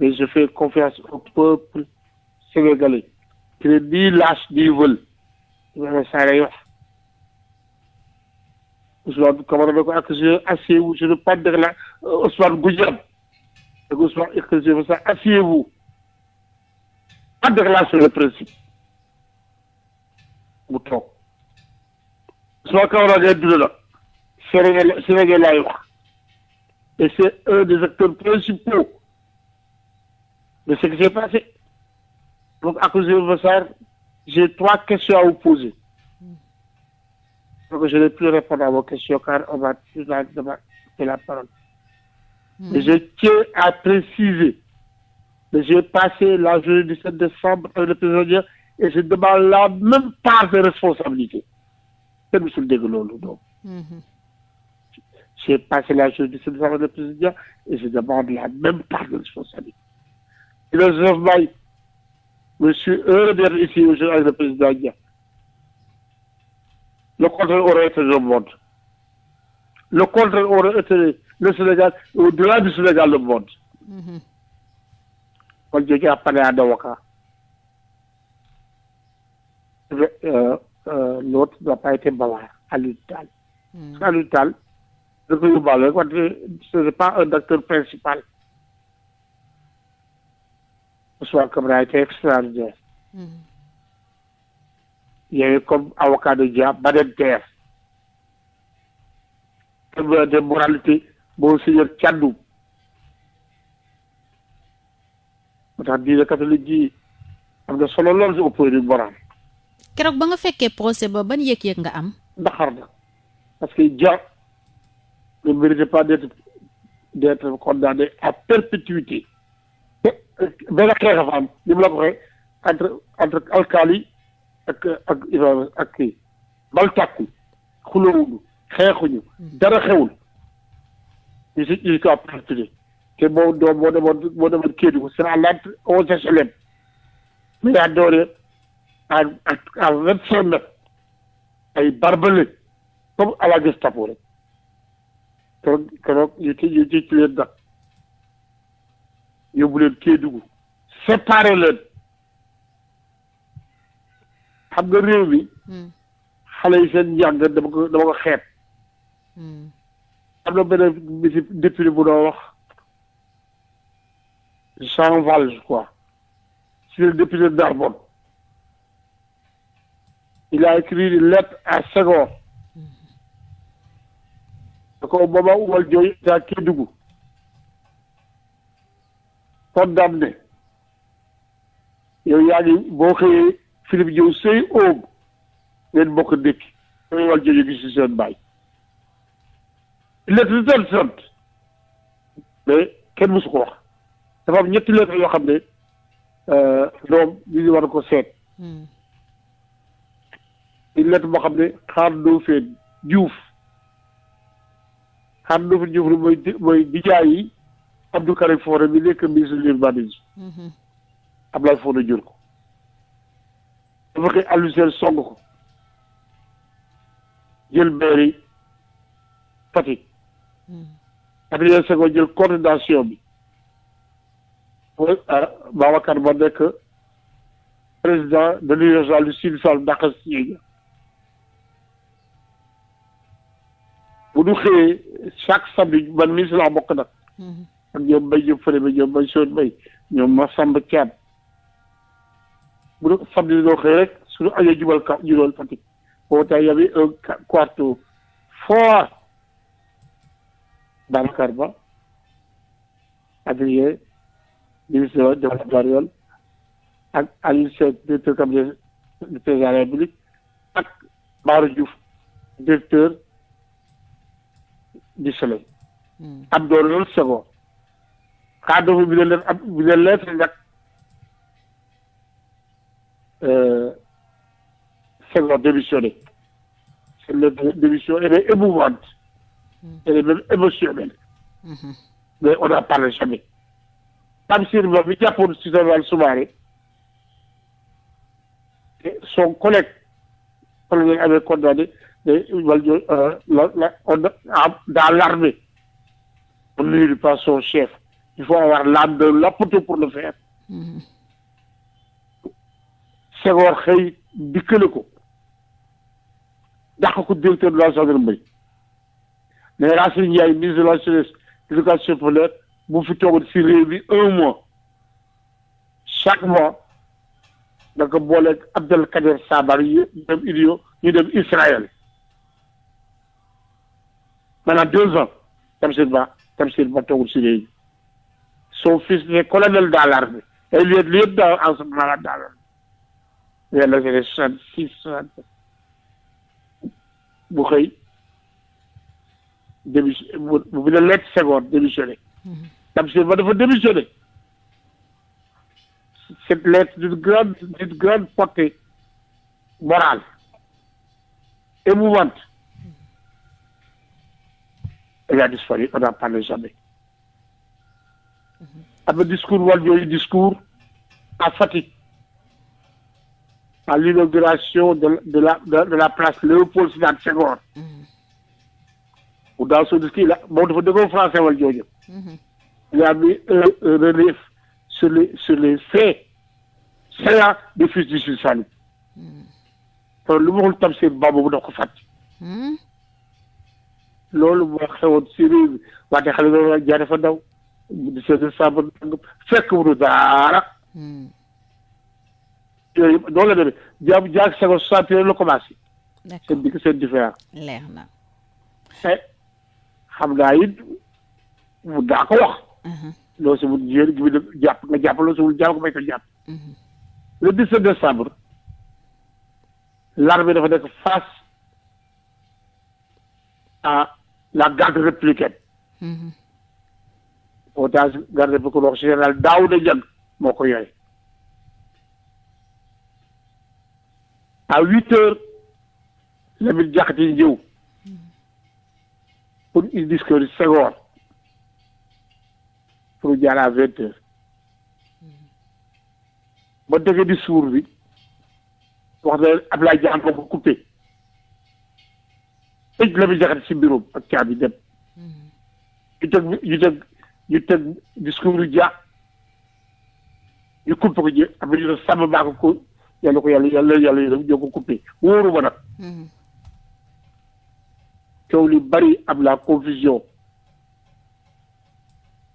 je fais confiance au peuple sénégalais qui n'est ni lâche ni Sara yi wax Ousmane Camara da ko accusé asseyez-vous sur la Ousmane Goudiam ak Ousmane accusé ba sax asseyez-vous pas de la sur le principe mu toog Ousmane Camara day dund la Sénégal Sénégal laay wax et c'est un um des acteurs principaux de ce qui s'est passé donc accusé ba Sarr j'ai trois questions à vous poser. je ne vais plus répondre à vos questions car on va la, la hmm. je tiens à préciser que j'ai passé la journée du 7 décembre avec le prisonnier je demande la même part de responsabilité. C'est M. Deglolo, donc. Mmh. J'ai passé la journée du 7 décembre avec le prisonnier je demande la même part de responsabilité. Le Je suis d'être ici aujourd'hui avec le président Dia. Le contraire aurait été le monde. Le contraire aurait été le Sénégal, au-delà du Sénégal, le monde. Quand mm-hmm. je suis à Panéa d'Awaka, l'autre n'a pas été bavard, à l'hôpital. Mm. À l'hôpital, le président Bala, ce pas un acteur principal. Moussa Camara était extraordinaire. Il hmm. y comme avocat de diable, pas de terre. de moralité, Monseigneur Tchadou. moo tax diine catholique am na solo lool si ëpp di moral. keroog ba nga fekkee procès ba ban yëg-yëg nga am. ndaxar na parce que Dia ne mérite pas d'être d'être condamné à perpétuité. benn xeex fa am ni la ko waxee entre entre alkaali ak ak Ibrahima ak kii bal tàkku xulóowuñu xeexuñu dara xewul ñu si ñu ko approprié te boo doo boo demoon boo demoon Kédougou c'est à l'entrée aux HLM mi ngaa dooree à à vingt cinq mètres ay barbelés comme à la Gestapo rek keroog keroog ñu ci ñu ci yóbbu ki Kédougou séparé leen xam nga réew mi hmm. xale yi seen njàng dama ko dama ko xeeb hmm. am bu doon wax Jean Valjean je crois c'est le député il a écrit une à Senghor da ko booba umal jooy taa Kédougou condamné yow yaa ngi boo xëyee Philippe Diouf sëy óob ngeen bokk ndékki dangay wàl jojo gi si seen baay lettre ten sant mais kenn mosu ko wax dafa am ñetti lettre yoo xam ne doom ñu ngi war ko seet di lettre boo xam ne xaar doo feen Diouf xaar doo feen Diouf mooy mooy dijaay yi Abdou Karim Fofana bi nekk ministre de l'urbanisme. Mhm. Abdoulaye Fofana jël ko. dafa xëy Aliou Sène song ko. jël mairie Fatick. Mhm. Adrien Senghor jël coordination bi. mooy euh, Babacar ba nekk président de l'union du Sine Saloum Dakar Sénégal. bu ñu xëyee chaque samedi man ministre laa bokk nag. Mhm. ak ñoom bay ñoom fële ba ñoom bay soot bay ñoom ma sàmb caab bu doo samedi doo xëy rek suñu añoo jubal ka juróol Fatick boobu temps y avait un quarto fort Babacar Ba Adrien ministre de la yoon ak Aliou Seck directeur cabinet ak Baara Diouf directeur du Soleil. Hmm. Abdoulaye Segor kàddu bi bidal leen ab bidal leen seen njëkk euh, c'est leur démissionné c'est leur démission elle est émouvante elle est même émotionnelle mais on n'en parle jamais Tamsir Ba mi jàppoon si Souleymane Soumaré son collègue collègue avait condamné mais Valdiodio euh, la la on dans l'armée on n'élit pas son chef il faut avoir l'âme de lappatu pour le faire mm-hmm. Senghor xëy dikkale ko dàq ko directeur de la gendarmerie mais Racine Ndiaye ministre de la jeunesse de l'éducation populaire bu fi toogoon si réew bi un mois chaque mois da ko booleeg Abdelkader Sabar yi dem Union ñu dem Israël pendant deux ans Tamsir Ba Tamsir Ba toogul si réew son fils est colonel dans l'armée. Et il est lieu dans, en ce moment-là dans l'armée. Il est levé 66, 67. bu xëy démission bu bi ne lekk seconde démissionné. Tamsir mhm. ba dafa démissionné. cette lettre d'une grande d'une grande portée morale émouvante. Mhm. Elle a on n'en parle jamais. am na discours wal yooyu discours à Fatick à l'inauguration de de la de, de la place Léopold Sédar Senghor bu daaw soo discours la moom dafa dëggoo français wal jooju il a mis un relief sur les sur les faits saillants du fils du Sultani kon lu mu waxul Tamsir Ba boobu daf ko fàtte hmm? loolu moo xewoon si réew mi wante xale loolu jaar dafa daw di seeti saabu fekk wu daara. Hmm. yooyu noonu la demee jaamu jaag sago sant yooyu la commencé. d'accord seen digg seen différent. leer na. te eh, xam naa ko wax. Uh-huh. loo si mun jiyee gi mu jàpp nga jàpp loo si mun jàpp nga may ko jàpp. Uh-huh. le 17 décembre. l'armée dafa nekk face à la garde républicaine. Uh-huh. otage garde bu ko wax général Daouda Diagne moo ko yore à huit heures Lamine Diakhaté ñëw pour il discuter Senghor pour jàll à vingt heures ba dëgg di suur bi wax na Ablaye Diagne moo ko coupé tëj Lamine Diakhaté si bureau ak caabi dem ñu hmm. teg ñu teg discours yu jaax ñu coupé ko ji am na ñu ne sàmm baa ko yàlla ko yàlla yàlla yàlla yërëm ñoo ko coupé wóoru ma nag. Mm-hmm. coow li bari am la confusion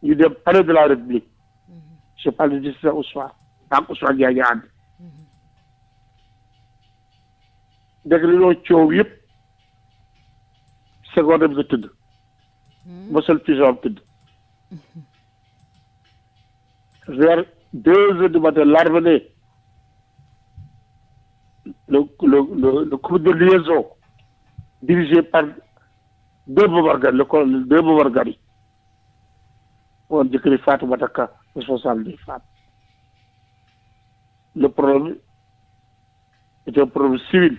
ñu dem palais de la république mm-hmm. je parle de ça au soir ak Ousmane Diagne ànd mm-hmm. dégg li ñoo coow yëpp seconde bi nga tëdd mosal pigeon tëdd vers deux heures du matin le le le le de liaison dirigé par deux bombardiers le colonel deux bombardiers woon jëkkëri Fatoumata Ka responsable des femmes le problème est un problème civil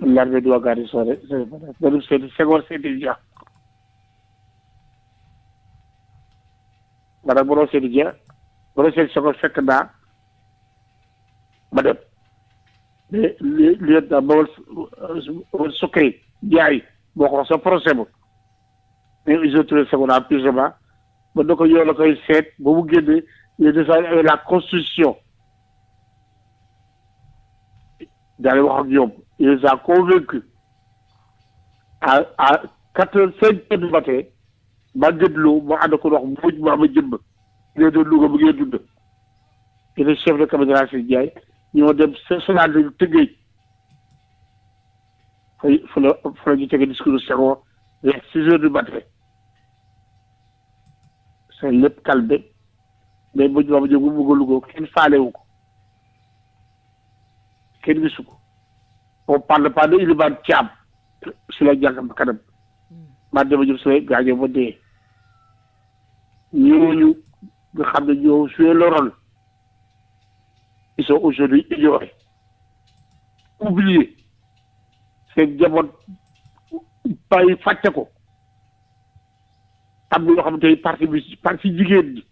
l'armée doit garder son responsabilité Senghor c'était déjà gara borosedi dia borosedi soko sekda mbaɗen liyeɗɗa bawol sukri jaayi boko so procé mo min isotré seconda pisement mbaɗɗo ko yoola koye seet bomo guedde yedesa la constitution daale wax ak yomb il les a convaincu à à quatre vingt Maguette Lo moo ànd ko wax mujj ma am a jëmb ñoo doon Louga bu ngeen dund. te le chef de cabinet Racine ñoo dem sonal nañu tëggee xëy fa la fa la ñu tege discours Senghor vers six heures du matin. c'est lépp calme mais mujj ma am a jëmb mu bëgg a Louga kenn faalewu ko kenn gisu ko on parle pas de Ilimane Thiam si la jàng ba kanam. Fatou Diop Sow gaañoo ba dee ñooñu nga xam ne ñoo joué le rôle ils sont aujourd'hui ignorés oubliés seen jamono bàyyi fàtte ko am na yoo xam tey parti bi parti jigéen ñi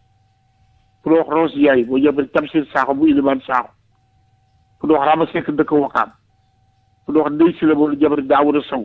pour wax Rose Ndiaye boo jëmale Tamsir Sakho bu Ilimane Sakho pour wax Rama Seck dëkk Wakaam pour wax Ndeye Sylla boo jëmale Daouda Sow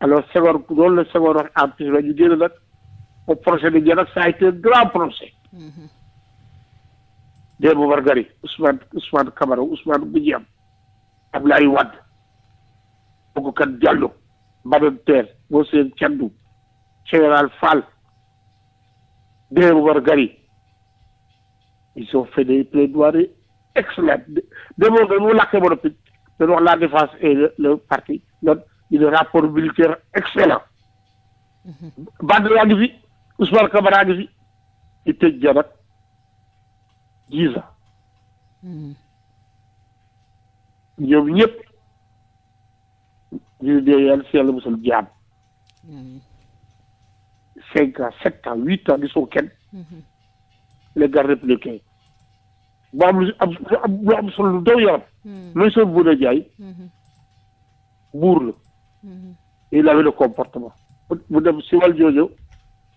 alors Senghor loolu la Senghor wax en la ñu génn nag au procès de Dieng ça a grand procès. Mm-hmm. Dee Boubacar Gari Ousmane Ousmane Camara Ousmane Goudiam Abdoulaye Wade Boubacar Diallo Madame Ter Moussine Thiandou Général Fall Dee Boubacar Gari ils ont fait des plaidoiries excellentes de de moom dañoo làkkee ba noppi wax la défense et le ñu def rapport militaire excellent Badou yaa ngi fi Ousmane Camara ngi fi ci tëj ja nag dix ans ñoom ñëpp ñu dee yàlla si yàlla musal jaam cinq ans sept ans huit ans gisoo kenn les gardes républicains bu am lu am lu am lu daw yaram mooy soo bën a jaay hmm. buur la Mm-hmm. il avait le comportement mu dem si wàll jooju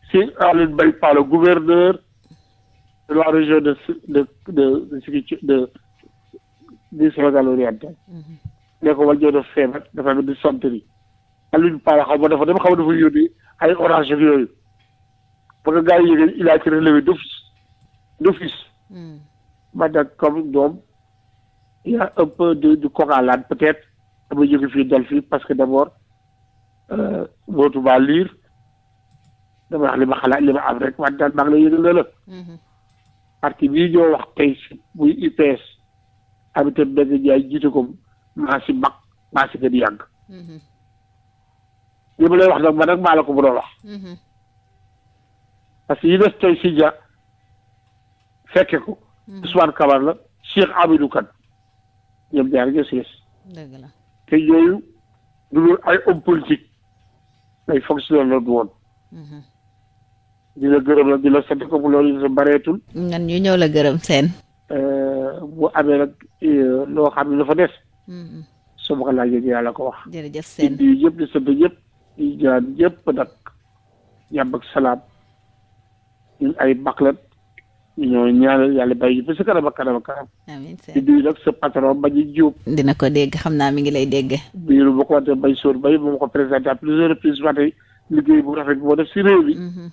si Alioune Mbaye Paar gouverneur de la région de de de de du Sénégal oriental mm-hmm. ne ko wàll jooju dafa feebar dafa am dysenterie Alioune Paar xaw ma dafa dem xaw ma dafa ay orange yooyu parce que gars yi yëgee il a été relevé d'office d'office mm. ma nag comme doom il y a un peu de du coq peut-être damay jóge fii dal fii parce que d'abord wootuma euh, liir dama wax li ma xalaat li ma am rek wante daal maa ngi lay yëgal ne la mhm. parti bii ñoo wax tey si muy UPS Aminata Mbengue Ndiaye jiite ko maa si mag maa si gën yàgg mhm. li ma wax nag man nag maa la wax mhm. parce que yi des tey si ja fekke ko Ousmane Kamara la Cheikh Amidou Kane ñoom ñaar si des te yooyu du loolu ay homme politique ay fonctionnaire du woon. di la gërëm nag di la sant ko bu loolu bareetul. ñan ñu ñëw la gërëm seen. Euh, bu amee nag euh, loo xam ne dafa des. Mm-hmm. su ma ko laajee yàlla ko wax. jërëjëf seen yëpp di sant yëpp di jaan yëpp nag jàmm ak salaam ñun ay baklat ñoo ñaanal yàlla bàyyi ba sa kanam ak kanam ak kanam. amiin di nuyu nag sa patron Mbagnick dina ko dégg xam naa mi ngi lay dégg. biir bu ko waxee Mbaye Sour Mbaye bu ko présenté à plusieurs reprises ba tey liggéey bu rafet boo def si réew mi. Mhm.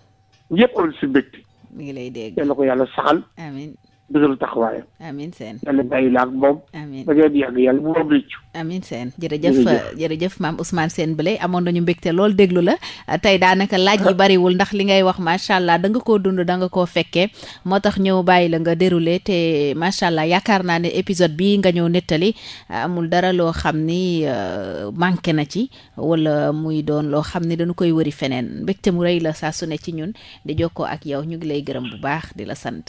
ñëpp am si mbégte. mi ngi lay dégg yàlla ko yàlla saxal. amiin dëgëral taxawaayam. amiin seen yàlla bàyyi la ak moom. amiin seen jërëjëf jërëjëf maam Ousmane Sène Blay amoon nañu mbégte lool déglu la tey daanaka laaj yi bariwul ndax li ngay wax macha allah danga nga koo dund da nga koo fekkee moo tax ñëw bàyyi la nga déroulé te macha allah yaakaar naa ne épisode bi nga ñëw nettali amul dara loo xam ni euh, manqué na ci wala muy doon loo xam ni dañu koy wëri feneen mbégte mu rëy la saa su ne ci ñun di jokkoo ak yow ñu ngi lay gërëm bu baax di la sant.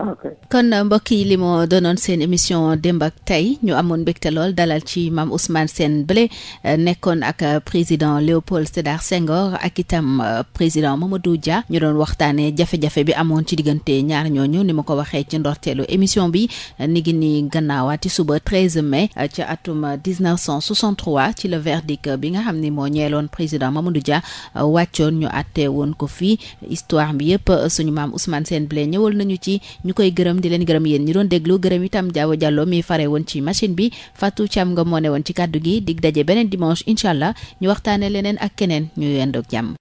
Ah, kon euh, mbokk yi li moo doonoon seen émission démb ak tey ñu amoon mbégte lool dalal ci Mame Ousmane seen Blé euh, nekkoon ak euh, président Léopold Sédar Senghor ak itam président Mamadou Dia ñu doon waxtaanee jafe-jafe bi amoon ci diggante ñaar ñooñu ni ma ko waxee ci ndorteelu émission bi ni ngi ni gannaawaati suba 13 mai ci atum 1963 ci le verdict bi nga xam ni moo ñeeloon président Mamadou Dia wàccoon ñu àtte woon ko fii histoire bi yëpp suñu Mame Ousmane Sène Blé ñëwal nañu ci ñu koy gërëm di leen gërëm yéen ñi doon déglu gërëm itam Diawo Diallo mi fare woon ci machine bi Fatou Thiam nga moone woon ci kàddu gi dig daje beneen dimanche incha allah ñu waxtaane leneen ak keneen ñu yendoog jàmm